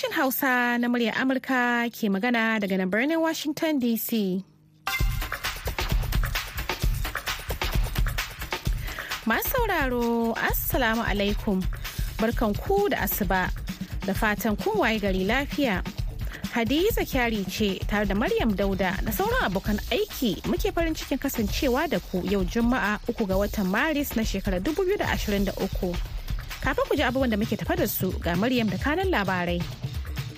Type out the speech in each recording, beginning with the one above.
Sashen Hausa na muryar Amurka ke magana daga nan birnin Washington DC. Masu sauraro, Assalamu alaikum, barkan ku da asuba, da fatan kun waye gari lafiya. Hadiza kyari ce tare da Maryam Dauda da sauran abokan aiki muke farin cikin kasancewa da ku yau Juma'a uku ga watan Maris na shekarar 2023. Kafin ku ji abubuwan da muke tafa da su ga Maryam da kanan labarai.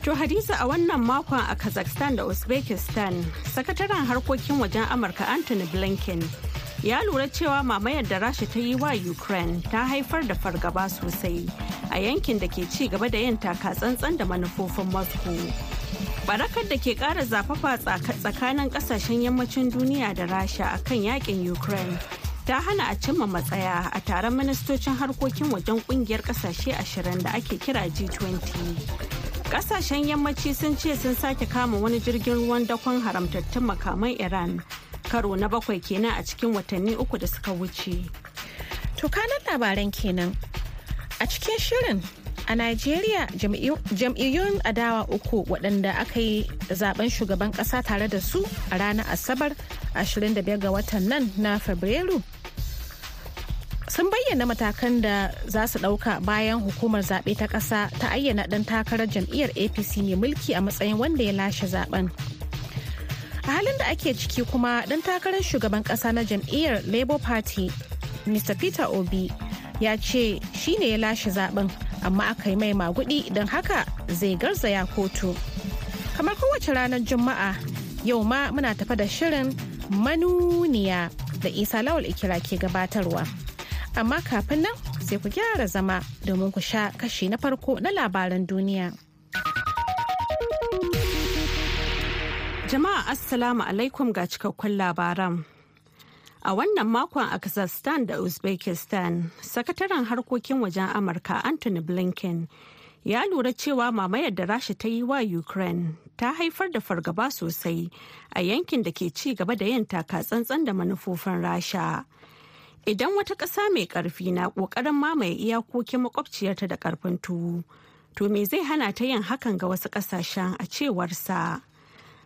To Hadiza a wannan makon a Kazakhstan da Uzbekistan, sakataren harkokin wajen Amurka Anthony Blinken ya lura cewa mamayar da Rasha ta yi wa Ukraine ta haifar da fargaba sosai a yankin da ke ci gaba da yin taka tsantsan da manufofin Moscow. Barakar da ke kara zafafa tsakanin kasashen yammacin duniya da Rasha akan yakin Ukraine ta hana a cimma matsaya a taron ministocin harkokin wajen kungiyar kasashe 20 da ake kira G20. Kasashen yammaci sun ce sun sake kama wani jirgin ruwan dakon haramtattun makaman Iran karo na bakwai kenan a cikin watanni uku da suka wuce. To kanan labaran kenan a cikin shirin A Najeriya jam'iyyun adawa uku waɗanda aka yi zaben shugaban ƙasa tare da su a ranar Asabar 25 ga watan nan na Fabrairu. Sun bayyana matakan da za su ɗauka bayan hukumar zaɓe ta ƙasa ta ayyana ɗan takarar jam'iyyar APC mai mulki a matsayin wanda ya lashe zaben. A halin da ake ciki kuma ɗan takarar shugaban ƙasa na jam'iyyar Labour Party, Mr. Peter Obi, ya ce shi ne ya lashe zaben. amma aka yi mai magudi don haka zai garzaya kotu kamar kowace ranar juma'a yau ma muna tafa da shirin manuniya da isa lawal ikira ke gabatarwa amma kafin nan sai ku gyara zama domin ku sha kashi na farko na labaran duniya jama'a assalamu alaikum ga cikakkun labaran A wannan makon a Kazakhstan da Uzbekistan, sakataren harkokin wajen Amurka Anthony Blinken ya lura cewa mamayar da Rasha ta yi wa Ukraine ta haifar da fargaba sosai a yankin da ke ci gaba da yin taka tsantsan da manufofin Rasha. Idan wata ƙasa mai ƙarfi na ƙoƙarin mamaye iyakokin makwabciyarta da ƙarfin tuwo, to me zai hana ta yin hakan ga wasu ƙasashen a cewarsa.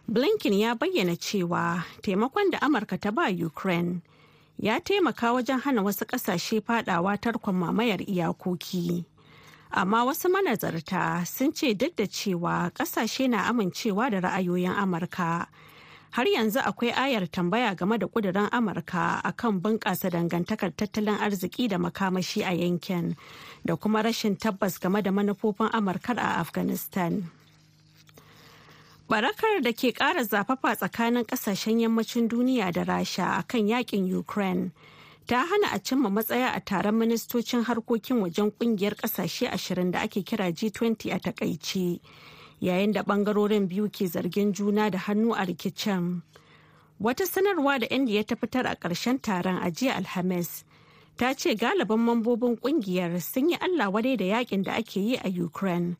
blinken ya bayyana cewa taimakon da amurka ta ba ukraine ya taimaka wajen hana wasu ƙasashe fadawa tarkon mamayar iyakoki amma wasu manazarta sun ce duk da cewa ƙasashe na amincewa da ra'ayoyin amurka har yanzu akwai ayar tambaya game da kuduran amurka akan bunƙasa dangantakar tattalin arziki da makamashi a yankin da kuma rashin tabbas game da manufofin amurkar a afghanistan Barakar da ke ƙara zafafa tsakanin ƙasashen yammacin duniya da Rasha a kan yakin Ukraine ta hana a cimma matsaya a taron ministocin harkokin wajen ƙungiyar ƙasashe ashirin da ake kira G20 a takaice, yayin da bangarorin biyu ke zargin juna da hannu a rikicin. Wata sanarwa da India ta fitar a ƙarshen taron a jiya Alhamis. ta ce galibin mambobin kungiyar sun yi Allah wadai da yakin da ake yi a Ukraine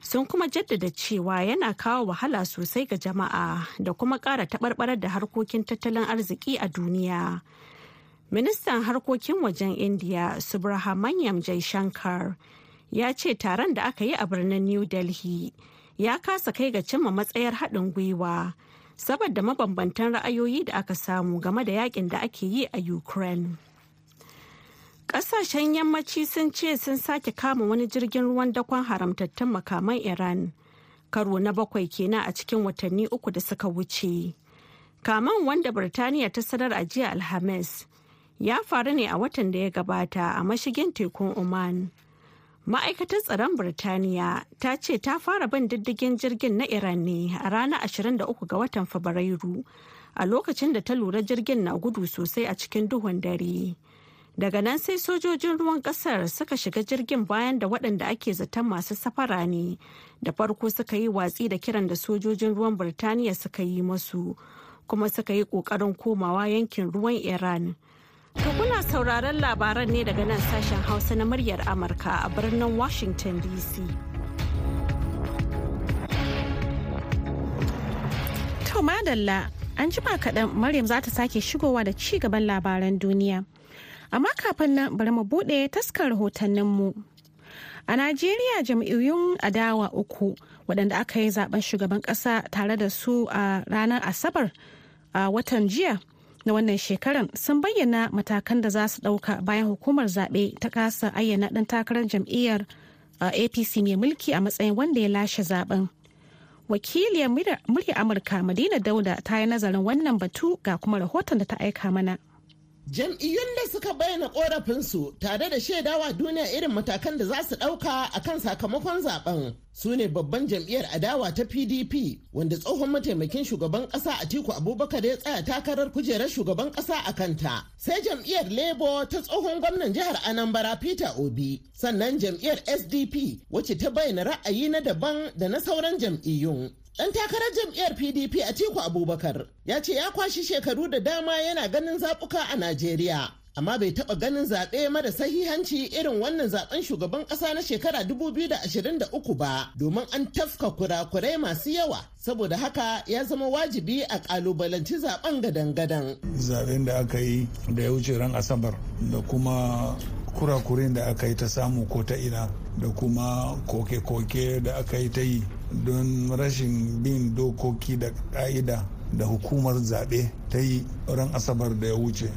sun kuma jaddada cewa yana kawo wahala sosai ga jama'a da kuma ƙara taɓarɓarar da harkokin tattalin arziki a duniya. Ministan harkokin wajen India Subrahmanyam Jaishankar ya ce taron da aka yi a birnin New Delhi ya kasa kai ga cimma matsayar haɗin gwiwa saboda mabambantan ra'ayoyi da aka samu game da yakin da ake yi a Ukraine. Ƙasashen yammaci sun ce sun sake kama wani jirgin ruwan dakon haramtattun makaman Iran. Karo na bakwai kenan a cikin watanni uku da suka wuce. Kaman wanda Birtaniya ta sanar a jiya Alhamis ya faru ne a watan da ya gabata a mashigin tekun Oman. Ma'aikatar tsaron Birtaniya ta ce ta fara bin diddigin jirgin na Iran ne a ranar 23 ga watan Fabrairu a lokacin da ta lura jirgin na gudu sosai a cikin duhun dare. daga nan sai sojojin ruwan kasar suka shiga jirgin bayan da waɗanda ake zaton masu safara ne da farko suka yi watsi da kiran da sojojin ruwan birtaniya suka yi masu kuma suka yi ƙoƙarin komawa yankin ruwan iran to kuna sauraron labaran ne daga nan sashen hausa na muryar amurka a birnin washington dc to madalla an jima kaɗan maryam za ta sake shigowa da ci gaban labaran duniya amma kafin nan bari mu buɗe taskar mu A Najeriya jam'iyyun adawa uku waɗanda aka yi zaben shugaban ƙasa tare da su a ranar Asabar a watan jiya na wannan shekaran sun bayyana matakan da za su ɗauka bayan hukumar zaɓe ta kasa ayyana ɗan takarar jam'iyyar APC mai mulki a matsayin wanda ya lashe zaben. Wakiliyar murya Amurka Madina Dauda ta yi nazarin wannan batu ga kuma rahoton da ta aika mana. jam'iyyun da suka bayyana korafinsu tare da shaidawa duniya irin matakan da za su ɗauka a kan sakamakon zaben su ne babban jam'iyyar adawa ta pdp wanda tsohon mataimakin shugaban ƙasa tiku abubakar ya tsaya takarar kujerar shugaban ƙasa a kanta sai jam'iyyar labour ta tsohon gwamnan jihar anambra peter obi sannan jam'iyyar sdp wacce ta bayyana ra'ayi na daban da na sauran jam'iyyun Ɗan takarar jam'iyyar PDP a tiku Abubakar ya ce ya kwashi shekaru da dama yana ganin zaɓuka a Najeriya. Amma bai taɓa ganin zaɓe mara sahihanci irin wannan zaɓen shugaban ƙasa na shekara 2023 ba domin an tafka kurakurai masu yawa saboda haka ya zama wajibi a ƙalubalanci zaɓen gadan-gadan. Zaɓen da aka yi da ya wuce ran Asabar da kuma kurakurin da aka yi ta samu ko ta ina da kuma koke-koke da aka yi ta yi don rashin bin dokoki da ka'ida da hukumar zaɓe ta yi ran asabar da ya wuce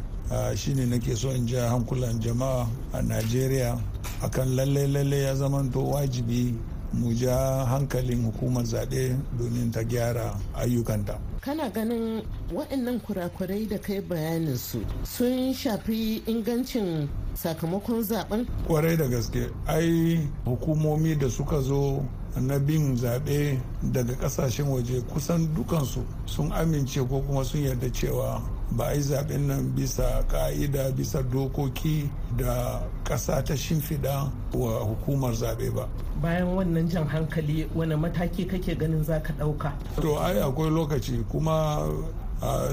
shine nake so in ja hankulan jama'a a najeriya akan lalle lalle ya zama to wajibi mu ja hankalin hukumar zaɓe domin ta gyara ayyukanta kana ganin waɗannan kurakurai da kai bayanin su sun shafi ingancin sakamakon zaɓen? kwarai da gaske ai hukumomi da suka zo na bin zaɓe daga ƙasashen waje kusan dukansu sun amince ko kuma sun yarda cewa ba a yi zaɓen nan bisa ƙa'ida bisa dokoki da ƙasa ta shimfiɗa wa hukumar zaɓe ba. Bayan wannan jan hankali wani mataki kake ganin za ka ɗauka? To ai akwai lokaci kuma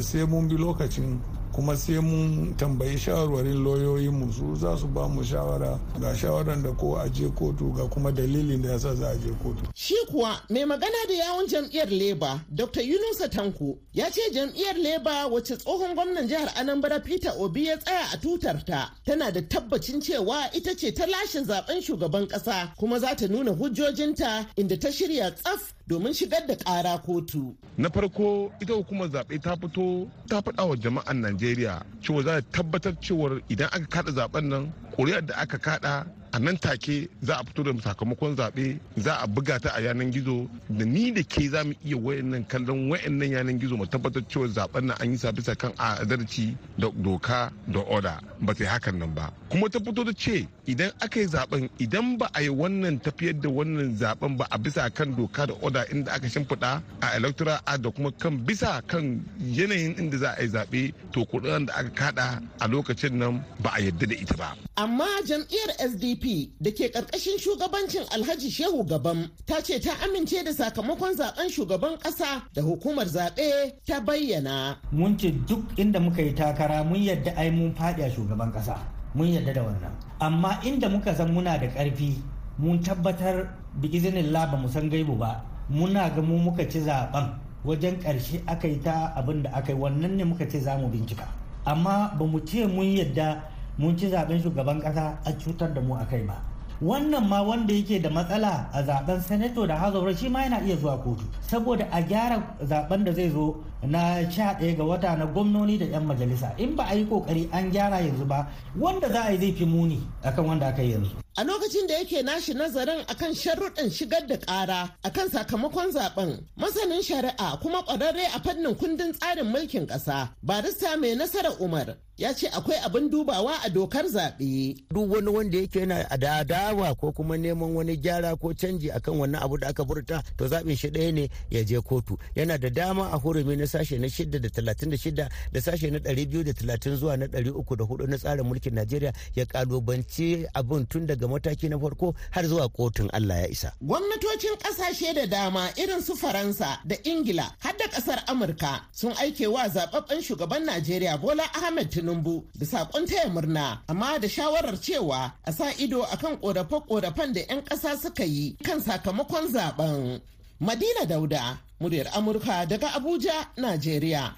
sai mun bi lokacin kuma sai mun tambayi shawarwarin lauyoyinmu su za su ba mu shawara ga shawaran da ko a je kotu ga kuma dalilin da yasa za a je kotu. Shi kuwa mai magana da yawun jam'iyyar Leba Dr. Yunusa Tanko ya ce jam'iyyar Leba wacce tsohon gwamnan jihar Anambra Peter Obi ya tsaya a tutar ta tana da tabbacin cewa ita ce ta lashe zaben shugaban kasa kuma za ta nuna hujjojinta inda ta shirya tsaf domin shigar da kara kotu. Na farko ita hukumar zaɓe ta fito ta faɗa wa jama'an Najeriya najeriya cewa za a tabbatar cewar idan aka kada zaben nan kuri'ar da aka kada a nan take za a fito da sakamakon zaɓe za a buga ta a yanar gizo da ni da ke za mu iya wayannan kallon wayannan yanar gizo mu tabbatar cewa zaben nan an yi sa bisa kan adalci da doka da oda ba sai hakan nan ba kuma ta fito da ce idan aka yi zaben idan ba a yi wannan tafiyar da wannan zaben ba a bisa kan doka da oda inda aka shimfiɗa a electoral da kuma kan bisa kan yanayin inda za a yi zaɓe to kuɗin da aka kaɗa a lokacin nan ba a yarda da ita ba amma jam'iyyar SDP pdp da ke karkashin shugabancin alhaji shehu gaban ta ce ta amince da sakamakon zaben shugaban kasa da hukumar zaɓe ta bayyana mun ce duk inda muka yi takara mun yadda ai mun faɗi a shugaban kasa mun yadda da wannan amma inda muka san muna da ƙarfi mun tabbatar bi izinin laba ba mu san gaibu ba muna ga mu muka ci zaben wajen ƙarshe aka yi ta abin da aka yi wannan ne muka ce za mu bincika amma ba mu ce mun yadda mun ci zaben shugaban kasa a cutar da mu a kai ba wannan ma wanda yake da matsala a zaben senator da hazaura shi ma yana iya zuwa kotu saboda a gyara zaben da zai zo na sha ɗaya ga wata na gwamnoni da 'yan majalisa in ba a yi kokari an gyara yanzu ba wanda za a yi zai fi muni akan wanda aka yi yanzu a lokacin da yake nashi nazarin akan sharruɗin shigar da ƙara akan sakamakon zaben masanin shari'a kuma ƙwararre a fannin kundin tsarin mulkin ƙasa barista mai nasarar umar ya ce akwai abin dubawa a dokar zaɓe. Duk wani wanda yake yana adawa ko kuma neman wani gyara ko canji akan wannan abu da aka furta to zaɓin shi ɗaya ne ya je kotu. Yana da dama a hurumi na sashe na shida da talatin da shida da sashe na ɗari biyu da talatin zuwa na ɗari uku da hudu na tsarin mulkin Najeriya ya ƙalubanci abin tun daga daga mataki na farko har zuwa kotun Allah ya isa. Gwamnatocin ƙasashe da dama irin su Faransa da Ingila har da ƙasar Amurka sun aike wa zababben shugaban Najeriya Bola Ahmed Tinubu da saƙon taya murna amma da shawarar cewa a sa ido akan ƙorafe-ƙorafen da 'yan ƙasa suka yi kan sakamakon zaben. Madina Dauda, muryar Amurka daga Abuja, Najeriya.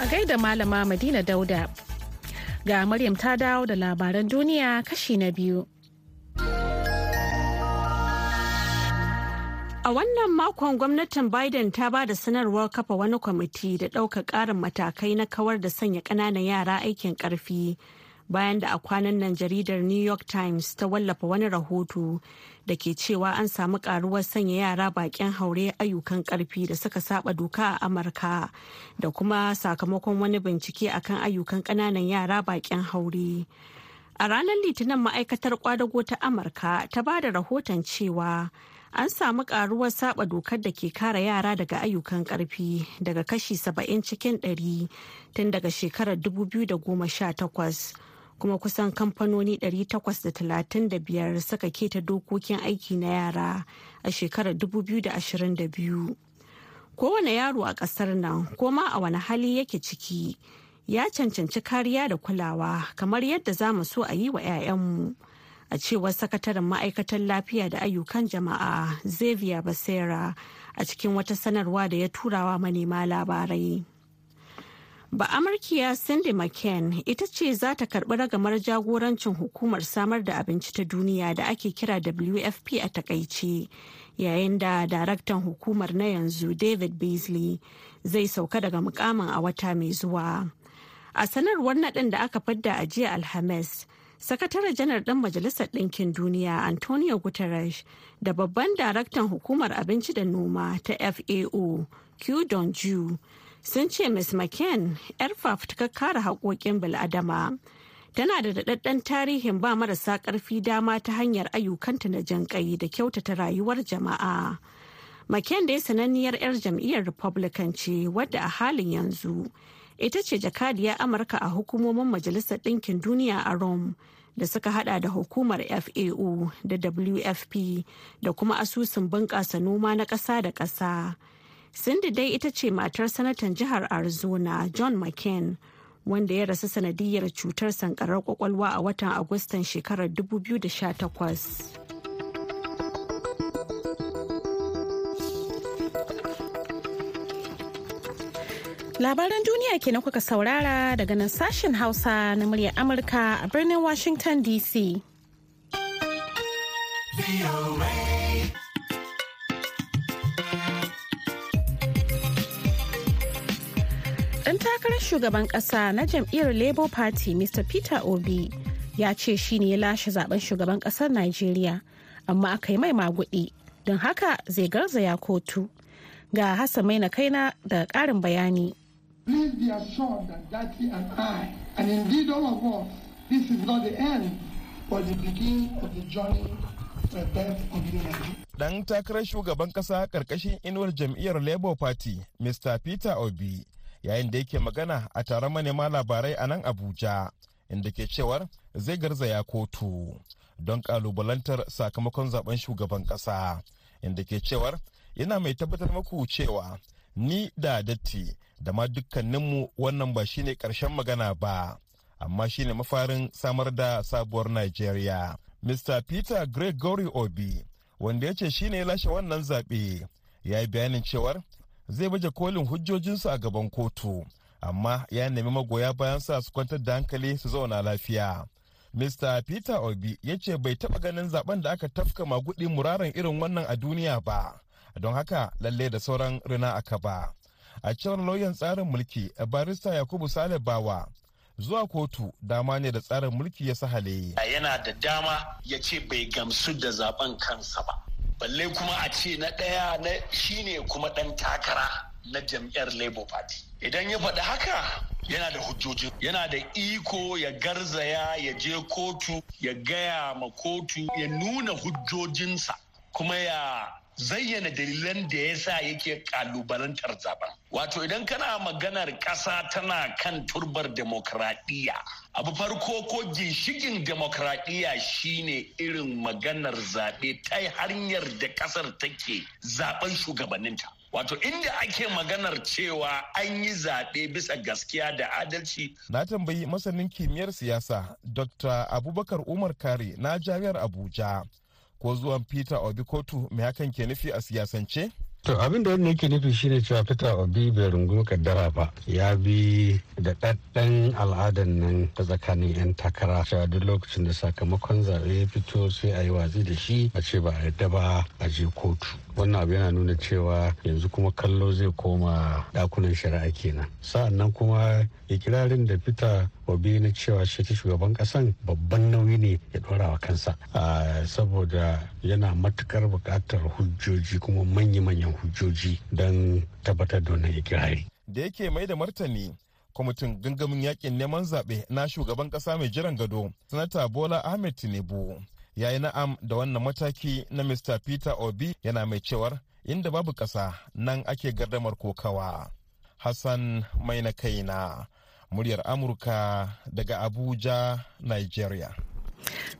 A gaida Malama Madina Dauda. Ga Maryam ta dawo da labaran duniya kashi na biyu. A wannan makon gwamnatin Biden ta ba da sanarwar kafa wani kwamiti da ɗaukar ƙarin matakai na kawar da sanya ƙananan yara aikin ƙarfi bayan da a kwanan nan jaridar new york times ta wallafa wani rahoto da ke cewa an samu karuwar sanya yara bakin haure ayyukan karfi da suka saba doka a amurka da kuma sakamakon wani bincike akan ayyukan kananan yara bakin haure a ranar litinin ma'aikatar kwadago ta amurka ta ba da rahoton cewa an samu karuwar saba dokar da ke kare yara daga ayyukan karfi daga kashi 70 cikin 100 tun daga shekarar 2018 kuma kusan kamfanoni 835 suka keta dokokin aiki na yara a shekarar 2022 kowane yaro a ƙasar nan koma a wani hali yake ciki ya cancanci kariya da kulawa kamar yadda za mu so a yi wa 'ya'yanmu a cewar sakataren ma'aikatan lafiya da ayyukan jama'a xavier basera a cikin wata sanarwa da ya turawa manema labarai Ba Amurkiya Cindy McCain ita ce za ta karbi ragamar jagorancin hukumar samar da abinci ta duniya da ake kira WFP a takaice, yayin da daraktan hukumar na yanzu David Beasley zai sauka daga mukamin a wata mai zuwa. A sanarwar naɗin da aka fadda a jiya Alhamis, sakatare janar ɗin majalisar ɗinkin duniya Antonio Guterres da babban daraktan hukumar abinci da noma ta FAO, Q Donju. sun ce Ms. McCain 'yar fafutukar kare haƙoƙin bil'adama tana da daɗaɗɗen tarihin ba marasa ƙarfi dama ta hanyar ayyukanta na jinƙai da kyautata rayuwar jama'a. McCain ya sananniyar 'yar jam'iyyar Republican ce wadda a halin yanzu ita ce jakadiyar Amurka a hukumomin Majalisar Ɗinkin Duniya a Rome da suka hada da hukumar FAO da WFP da kuma asusun bunƙasa noma na ƙasa da ƙasa. Cindy dai ita ce matar sanatan jihar Arizona John McCain wanda ya rasu sanadiyar cutar sankarar kwakwalwa a watan Agustan shekarar 2018. Labaran duniya ke na kuka saurara daga nan sashen Hausa na muryar Amurka a birnin Washington DC. takarar shugaban kasa na jam'iyyar labour party mr peter obi ya ce shi ne ya lashe zaben shugaban kasar nigeria amma aka yi mai magudi don haka zai garzaya kotu ga hassan mai na kaina da karin bayani Dan takarar shugaban kasa karkashin inuwar jam'iyyar Labour Party, Mr. Peter Obi, yayin da yake magana a taron manema labarai a nan abuja inda ke cewar zai garzaya kotu don kalubalantar sakamakon zaben shugaban kasa inda ke cewar yana mai tabbatar maku cewa ni da datti da ma dukkaninmu wannan ba shine karshen magana ba amma shine mafarin samar da sabuwar nigeria mr peter gregory obi wanda ya ce shine lashe wannan zaɓe ya yi bayanin cewar zai baje kolin hujjojinsu a gaban kotu amma ya nemi magoya bayansa su kwantar da hankali su zauna lafiya mista Peter Obi ya ce bai taɓa ganin zaben da aka tafka magudi muraren irin wannan a duniya ba, don haka lalle da sauran rina aka ba. A cewar lauyan tsarin mulki barista Yakubu Sale Bawa zuwa kotu dama ne da tsarin mulki ya sahale. Yana da dama ya ce bai gamsu da zaben kansa ba. balle kuma a ce na ɗaya na shine kuma ɗan takara na jam'iyyar labour party idan ya faɗi haka yana da hujjoji yana da iko ya garzaya ya je kotu ya gaya ma kotu ya nuna hujjojinsa kuma ya zayyana dalilan da ya sa yake kalubalantar zaben. Wato idan kana maganar ƙasa tana kan turbar demokradiyya. Abu farko ko ginshigin demokradiyya shine irin maganar zaɓe ta hanyar da ƙasar take zaben shugabanninta. Wato inda ake maganar cewa an yi zaɓe bisa gaskiya da adalci. Na tambayi masanin kimiyyar siyasa Dr. Abubakar Umar Kare na Jami'ar Abuja. ko zuwan peter obi kotu mai hakan ke nufi a siyasance To abin da wannan yake nufi shine cewa Peter Obi bai rungumi kaddara ba ya bi da ɗaɗɗan al'adar nan ta tsakanin 'yan takara cewa duk lokacin da sakamakon zaɓe ya fito sai a yi watsi da shi a ce ba a yadda ba a je kotu. wannan abu yana nuna cewa yanzu kuma kallo zai koma dakunan shari'a kenan sa'annan kuma ikirarin da fita obi na cewa shi ta shugaban kasan babban nauyi ne ya dora wa kansa saboda yana matukar bukatar hujjoji kuma manya-manyan hujjoji don tabbatar da wannan ikirari da yake mai da martani kwamitin gangamin yakin neman zaɓe na shugaban ƙasa mai jiran gado sanata bola ahmed tinubu ya yi na'am da wannan mataki na mr peter obi yana mai cewar inda babu ƙasa nan ake gardamar kokawa hassan mai na kaina muryar amurka daga abuja nigeria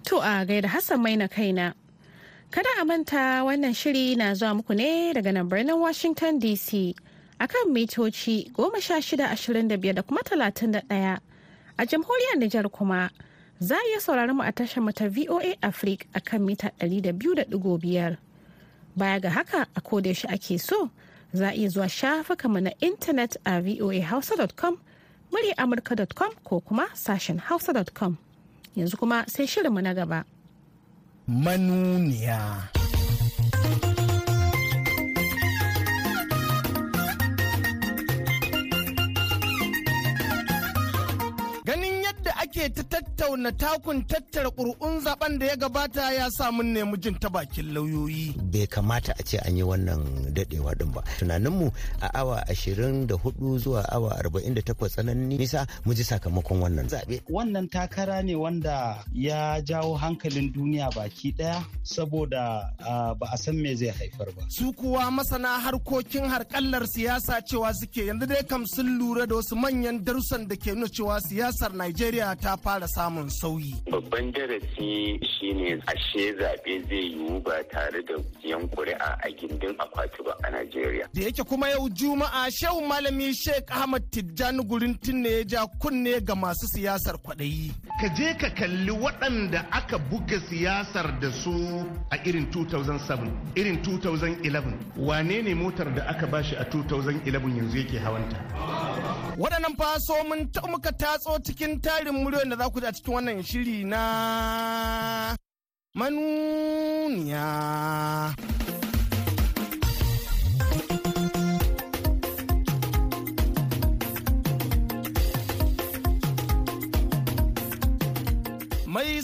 to a gaida hassan mai na kaina kada a manta wannan shiri na zuwa muku ne daga nan birnin washington dc akan mitoci 1625 da kuma 31 a jamhuriyar nijar kuma Za a iya saurari mu a tashar mu ta VOA Africa a kan mita 200.5. Baya ga haka a yaushe ake so za a iya zuwa mu na intanet a voahausa.com amurka.com ko kuma sashen hausa.com yanzu kuma sai mu na gaba. Manuniya. ake ta tattauna takun tattara ƙuri'un zaben da ya gabata ya samu ne nemi jin ta bakin lauyoyi. Bai kamata a ce an yi wannan dadewa din ba. Tunaninmu a awa ashirin da hudu zuwa awa arba'in da takwas tsananin nisa mu ji sakamakon wannan zaɓe. Wannan takara ne wanda ya jawo hankalin duniya baki ɗaya saboda ba a san me zai haifar ba. Su kuwa masana harkokin harkallar siyasa cewa suke yanzu dai kam sun lura da wasu manyan darussan da ke nuna cewa siyasar Najeriya ta fara samun sauyi. Babban darasi shine ashe zaɓe zai yiwu ba tare da yan ƙuri'a a gindin akwati ba a Najeriya. Da yake kuma yau Juma'a Shehu Malami Sheikh Ahmad Tijjani Gurintin ne ya ja kunne ga masu siyasar kwaɗayi. Ka je ka kalli waɗanda aka buga siyasar da su a irin 2007, irin 2011. Wane ne motar da aka bashi a 2011 yanzu yake hawanta? Waɗannan faso mun muka tatso cikin tarin muryoyin da za ku ji a cikin wannan shiri na manuniya. Mai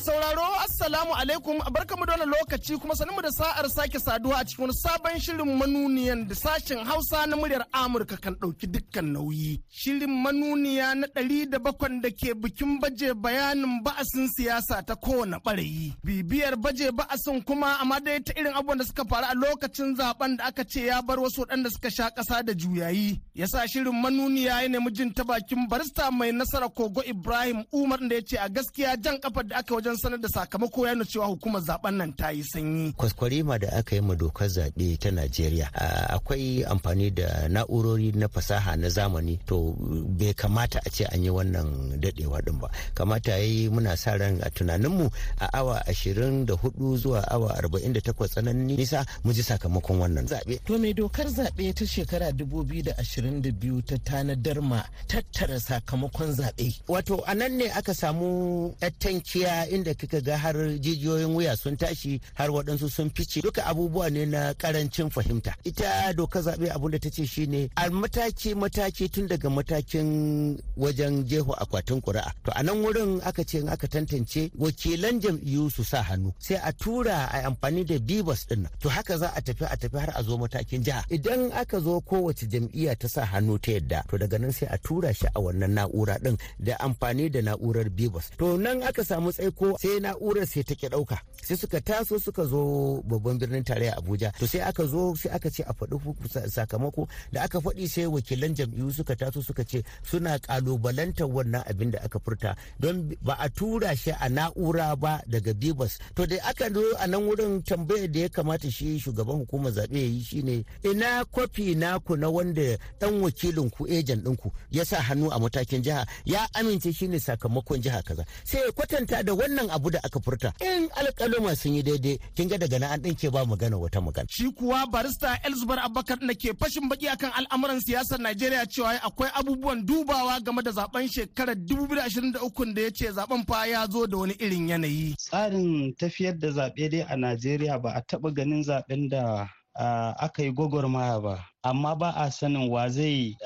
Assalamu alaikum barkamu da wani lokaci kuma sanin da sa'ar sake saduwa a cikin wani sabon shirin manuniyan da sashen Hausa na muryar Amurka kan ɗauki dukkan nauyi. Shirin manuniya na ɗari da bakwan da ke bikin baje bayanin ba'asin siyasa ta kowane ɓarayi. Bibiyar baje ba'asin kuma amma dai ta irin abubuwan da suka faru a lokacin zaben da aka ce ya bar wasu waɗanda suka sha ƙasa da juyayi. Yasa shirin manuniya ya nemi jin ta bakin barista mai nasara Kogo Ibrahim Umar da ya ce a gaskiya jan kafar da aka wajen sanar da sakamakon ya na cewa hukumar zaben nan ta yi sanyi kwaskwarima da aka yi ma dokar zaɓe ta najeriya akwai amfani da na'urori na fasaha na zamani to bai kamata a ce an yi wannan daɗewa din ba kamata ya yi muna sa ran a tunaninmu a awa ashirin da hudu zuwa awa arba'in da takwas tsananin nisa mu ji sakamakon wannan zaɓe. to mai dokar zaɓe ta shekara dubu biyu da ashirin da biyu ta tanadar ma tattara sakamakon zaɓe wato a nan ne aka samu tankiya inda kika ga har jijiyoyin wuya sun tashi har waɗansu sun fice duka abubuwa ne na karancin fahimta ita doka zaɓe abun da ta ce shine a mataki mataki tun daga matakin wajen jeho akwatin ƙuri'a to a nan wurin aka ce in aka tantance wakilan jam'iyyu su sa hannu sai a tura a amfani da bibas ɗin to haka za a tafi a tafi har a zo matakin jiha idan aka zo kowace jam'iyya ta sa hannu ta yadda to daga nan sai a tura shi a wannan na'ura ɗin da amfani da na'urar bibas to nan aka samu tsaiko sai na'urar sai ta ke ɗauka sai suka taso suka zo babban birnin tarayya abuja to sai aka zo sai aka ce a faɗi sakamako da aka faɗi sai wakilan jam'iyyu suka taso suka ce suna kalubalantar wannan abin da aka furta don ba a tura shi a na'ura ba daga bibas to dai aka zo a nan wurin tambayar da ya kamata shi shugaban hukumar zaɓe ya yi shine ina kwafi naku na wanda ɗan wakilin ku ejan ɗinku ya sa hannu a matakin jiha ya amince shine sakamakon jiha kaza sai ya kwatanta da wannan abu da aka furta wata in alƙaluma sun yi daidai kin ga daga nan an ɗinke ba magana wata magana. shi kuwa barista elzubar abubakar da ke fashin baki akan al'amuran siyasar najeriya cewa akwai abubuwan dubawa game da zaben shekarar 2023 da ya ce zaben fa ya zo da wani irin yanayi. tsarin tafiyar da zaɓe dai a najeriya ba a taɓa ganin zaɓen da aka yi gwagwarmaya ba amma ba a sanin wa zai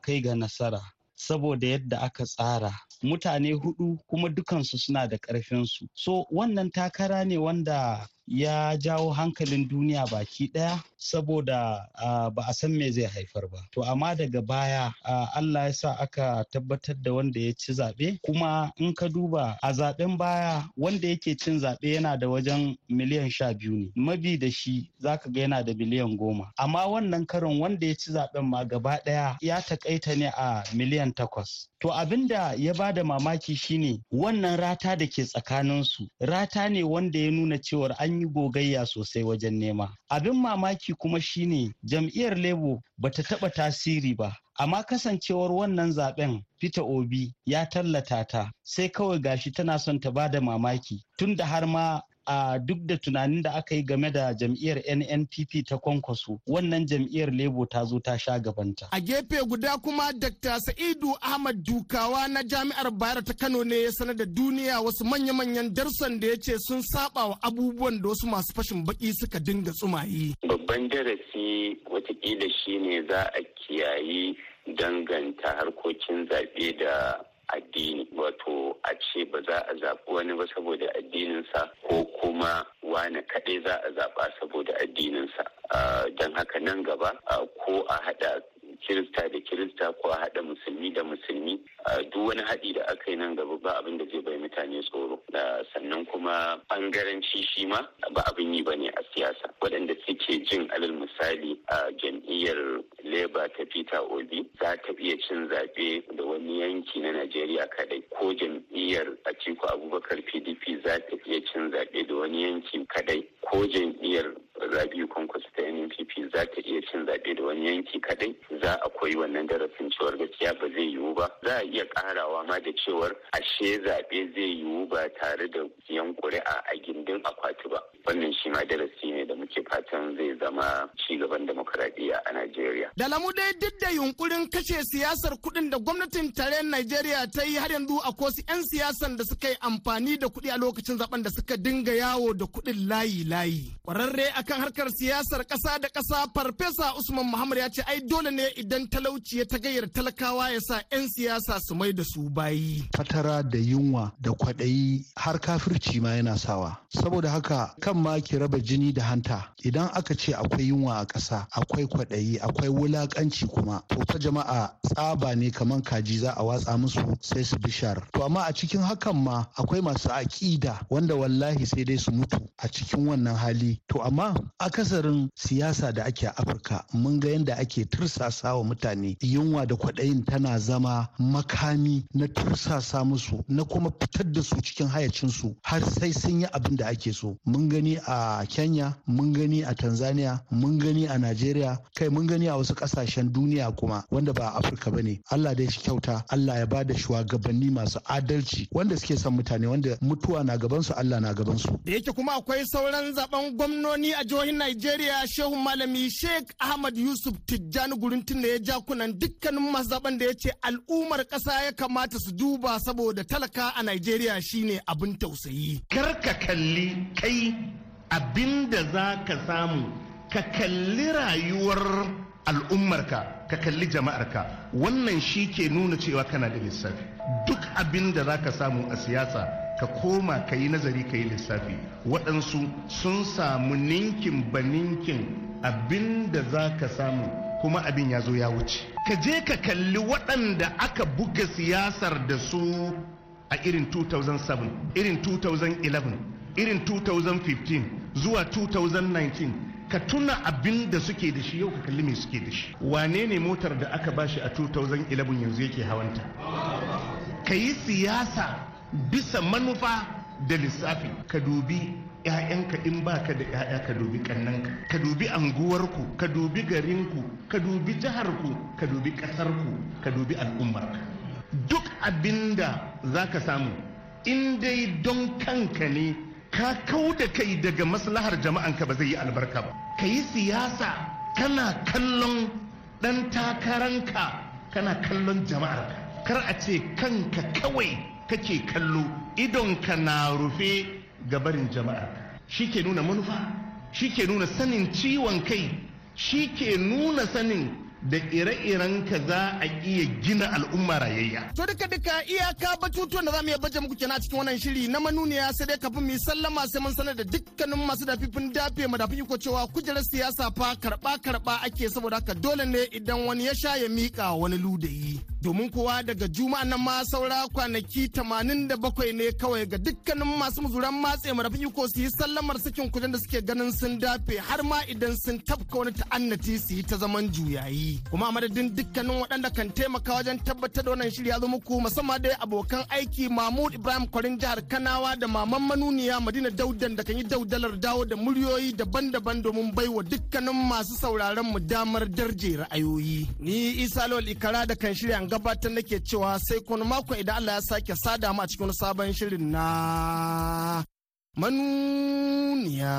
kai ga nasara saboda yadda aka tsara mutane hudu kuma dukansu suna da ƙarfinsu so wannan takara ne wanda ya jawo hankalin duniya baki ɗaya saboda ba a san me zai haifar ba. To amma daga baya Allah ya sa aka tabbatar da wanda ya ci zaɓe kuma in ka duba a zaɓen baya wanda yake cin zaɓe yana da wajen miliyan sha biyu ne mabi da shi zaka ga yana da miliyan goma amma wannan karin wanda ya ci zaɓen ma gaba ɗaya ya takaita ne a miliyan takwas. To abinda ya bada mamaki shine wannan rata da ke tsakaninsu rata ne wanda ya nuna cewar an yi gogayya sosai wajen nema abin mamaki kuma shine jam'iyyar labour ta taba tasiri ba amma kasancewar wannan zaben Peter Obi ya tallata ta sai kawai gashi tana son ta bada mamaki tun da har ma a duk da tunanin da aka yi game da jam'iyyar nnpp ta kwankwaso wannan jam'iyyar lebo ta zo ta sha gabanta a gefe guda kuma dr sa'idu ahmad dukawa na jami'ar bayar ta kano ne ya sanar da duniya wasu manya-manyan darsan da ya ce sun saba wa abubuwan da wasu masu fashin baki suka dinga tsumayi babban darasi watakila shine za a kiyaye danganta harkokin zaɓe da addini wato a ce ba za a zaɓi wani ba saboda addininsa ko kuma wani kaɗai za a zaɓa saboda addininsa don haka nan gaba ko a haɗa kirista da kirista ko a haɗa musulmi da musulmi duk wani haɗi da aka yi nan gaba ba abin da zai bai mutane tsoro sannan kuma ɓangaranci shi ma ba abin yi ba ne a siyasa waɗanda suke jin alal misali a jam'iyyar leba ta peter obi za ta iya cin zaɓe da wani yanki na najeriya kadai ko jam'iyyar atiku abubakar pdp za ta iya cin zaɓe da wani yanki kadai ko jam'iyyar rabiu kwankwasa ta nnpp za ta iya cin zaɓe da wani yanki kaɗai za a koyi wannan darasin cewar gaskiya ba zai yiwu ba za a iya ƙarawa ma da cewar ashe zaɓe zai yiwu ba tare da yan ƙuri'a a gindin akwati ba wannan shi ma darasi ne da muke fatan zai zama ci gaban demokuraɗiyya a najeriya da lamu dai duk da yunkurin kashe siyasar kuɗin da gwamnatin tarayyar najeriya ta yi har yanzu a kosu 'yan siyasan da suka yi amfani da kuɗi a lokacin zaben da suka dinga yawo da kuɗin layi layi ƙwararre a akan harkar siyasar ƙasa da ƙasa farfesa Usman Muhammad ya ce ai dole ne idan talauci ya ta gayyar talakawa ya sa 'yan siyasa su mai da su bayi. Fatara da yunwa da kwaɗayi har kafirci ma yana sawa. Saboda haka kan ma ki raba jini da hanta idan aka ce akwai yunwa a ƙasa akwai kwaɗayi akwai wulaƙanci kuma to fa jama'a tsaba ne kamar kaji za a watsa musu sai su bishar. To amma a cikin hakan ma akwai masu aƙida wanda wallahi sai dai su mutu a cikin wannan hali to amma akasarin siyasa da ake a afirka mun ga yadda ake tursasa wa mutane yunwa da kwaɗayin tana zama makami na tursasa musu na kuma fitar da su cikin hayacinsu har sai sun yi abin da ake so mun gani a kenya mun gani a tanzania mun gani a nigeria kai mun gani a wasu ƙasashen duniya kuma wanda ba a afirka ba ne allah dai shi kyauta allah ya ba da shugabanni masu adalci wanda suke son mutane wanda mutuwa na gabansu allah na gabansu da yake kuma akwai sauran zaben gwamnoni a jihohin Najeriya Shehu Malami Sheikh Ahmad Yusuf Tijjani Guruntun da ya ja kunan dukkanin mazaban da ya ce al'ummar ƙasa ya kamata su duba saboda talaka a Najeriya shine abin tausayi. Kar ka kalli kai abin da za ka samu ka kalli rayuwar al'ummarka ka kalli jama'arka wannan shi ke nuna cewa kana da lissafi duk abin da za ka samu a siyasa ka koma ka yi nazari ka yi lissafi waɗansu sun samu ninkin ba ninkin abin da za ka samu kuma abin ya zo ya wuce ka je ka kalli waɗanda aka buga siyasar da su a irin 2007 irin 2011 irin 2015 zuwa 2019 ka tuna abin da suke da shi yau ka kalli me suke da shi wane ne motar da aka bashi a 2011 yanzu yake hawanta ka yi siyasa bisa manufa da lissafi ka dubi ‘ya'yanka in ba ka da ‘ya'ya ka dubi ƙannanka. ka dubi anguwarku ka dubi garinku ka dubi jiharku ka dubi ƙasarku ka dubi al'ummarka duk abinda za ka samu in dai don kanka ne ka kau da kai daga maslahar jama'anka ba zai yi albarka ba ka yi siyasa kana kallon ɗan takaranka kana kallon jama'arka kar a ce kanka kawai kake kallo idonka na rufe ga barin jama'a shi ke nuna manufa shi ke nuna sanin ciwon kai shi ke nuna sanin da ire-iren ka za a iya gina al'umma rayayya. To duka duka iyaka batutuwan da za mu iya baje muku kenan a cikin wannan shiri na manuniya sai dai kafin mu sallama sai mun sanar da dukkanin masu dafifin dafe dafi ko cewa kujerar siyasa fa karba karba ake saboda haka dole ne idan wani ya sha ya mika wani ludayi. Domin kowa daga juma'a nan ma saura kwanaki tamanin da bakwai ne kawai ga dukkanin masu muzuran matse dafi ko su yi sallamar sakin kujen da suke ganin sun dafe har ma idan sun tafka wani ta'annati su yi ta zaman juyayi. yi kuma a madadin dukkanin waɗanda kan taimaka wajen tabbatar da wannan shirya zo muku musamman dai abokan aiki mahmud ibrahim kwarin jihar kanawa da maman manuniya madina daudan da kan yi daudalar dawo da muryoyi daban-daban domin baiwa dukkanin masu sauraron mu damar darje ra'ayoyi ni isa lawal ikara da kan shirya gabatar nake cewa sai kuma mako idan allah ya sake sada mu a cikin sabon shirin na manuniya.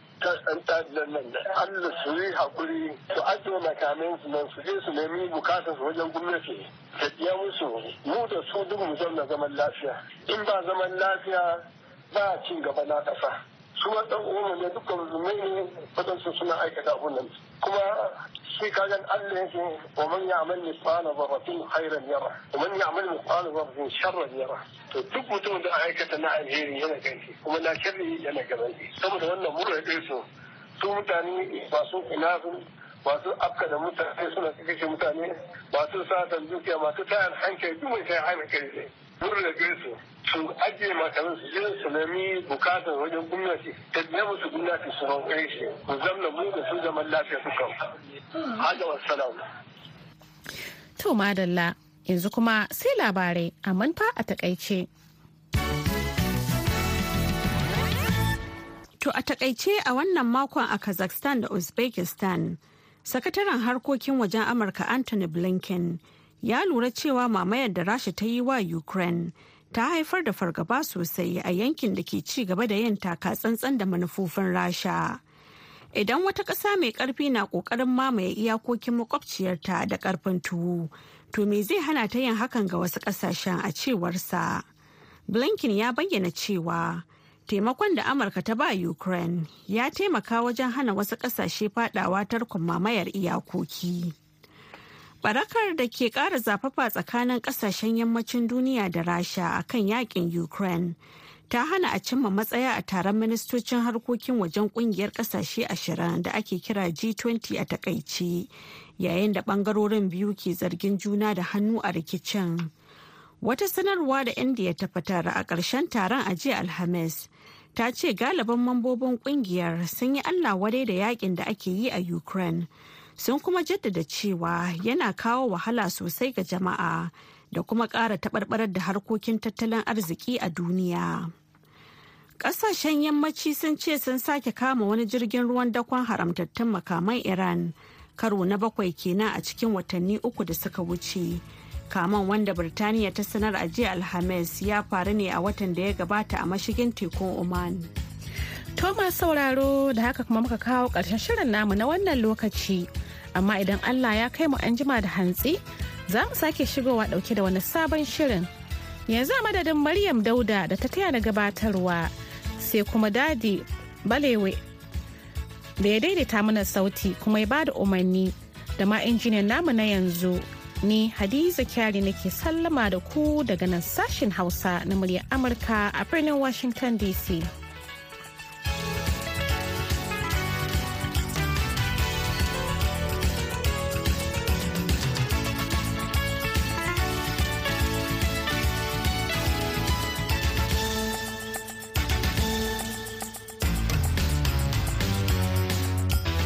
ta tsanta nan Allah su yi hakuri su ajiye makamin su nan su je su nemi bukatar su wajen gwamnati ta biya musu mu da su duk mu zauna zaman lafiya in ba zaman lafiya ba cin gaba na ƙasa. su ma ɗan uwan ne dukkan musulmai ne waɗansu suna aikata abun nan kuma shi kagan Allah yake wa man ya'mal mithqala dharratin khairan yara wa man ya'mal mithqala dharratin sharran yara to duk mutum da aikata na alheri yana ganshi kuma na sharri yana gaban shi saboda wannan mura da su su mutane masu inafin masu afka da mutane suna kashe mutane masu satan dukiya masu tayar hankali duk mai tayar hankali wurin da su ajiye makarin su irin su nemi bukatar wajen gwamnati ta na musu gwamnati su roƙe shi ku zamna mu da su zaman lafiya su kawo. Hada wassalam. To madalla yanzu kuma sai labarai a manfa a takaice. To a takaice a wannan makon a Kazakhstan da Uzbekistan, sakataren harkokin wajen Amurka Anthony Blinken ya lura cewa mamayar da rasha ta yi wa ukraine ta haifar da fargaba sosai a yankin da ke ci gaba da yin taka tsantsan da manufofin rasha idan wata ƙasa mai ƙarfi na ƙoƙarin mamaye iyakokin makwabciyarta da ƙarfin tuwo to me zai hana ta yin hakan ga wasu ƙasashen a cewarsa blinken ya bayyana cewa taimakon da amurka ta ba ukraine ya taimaka wajen hana wasu ƙasashe faɗawa tarkon mamayar iyakoki Barakar da ke ƙara zafafa tsakanin ƙasashen yammacin duniya da Rasha a kan yakin Ukraine ta hana a cimma matsaya a taron ministocin harkokin wajen ƙungiyar ƙasashe ashirin da ake kira G20 a takaici yayin da ɓangarorin biyu ke zargin juna da hannu a rikicin. Wata sanarwa da India ta fitar a ƙarshen taron a jiya Alhamis. ta ce galibin mambobin kungiyar sun yi Allah da da yakin da ake yi a Ukraine sun kuma jaddada cewa yana kawo wahala sosai ga jama'a da kuma ƙara taɓarɓarar da harkokin tattalin arziki a duniya. Ƙasashen yammaci sun ce sun sake kama wani jirgin ruwan dakon haramtattun makaman Iran karo na bakwai kenan a cikin watanni uku da suka wuce. Kaman wanda Birtaniya ta sanar a jiya Alhamis ya faru ne a watan da ya gabata a mashigin tekun Oman. Thomas sauraro da haka kuma muka kawo ƙarshen shirin namu na wannan lokaci. amma idan Allah ya kai mu an jima da hantsi za mu sake shigowa dauke da wani sabon shirin. Yanzu a madadin Maryam Dauda da ta taya na gabatarwa sai kuma dadi balewe da ya daidaita mana sauti kuma ya bada umarni da ma injiniyan namu na yanzu ni Hadiza Kyari nake sallama da ku daga nan sashin Hausa na muryar Amurka a birnin Washington DC.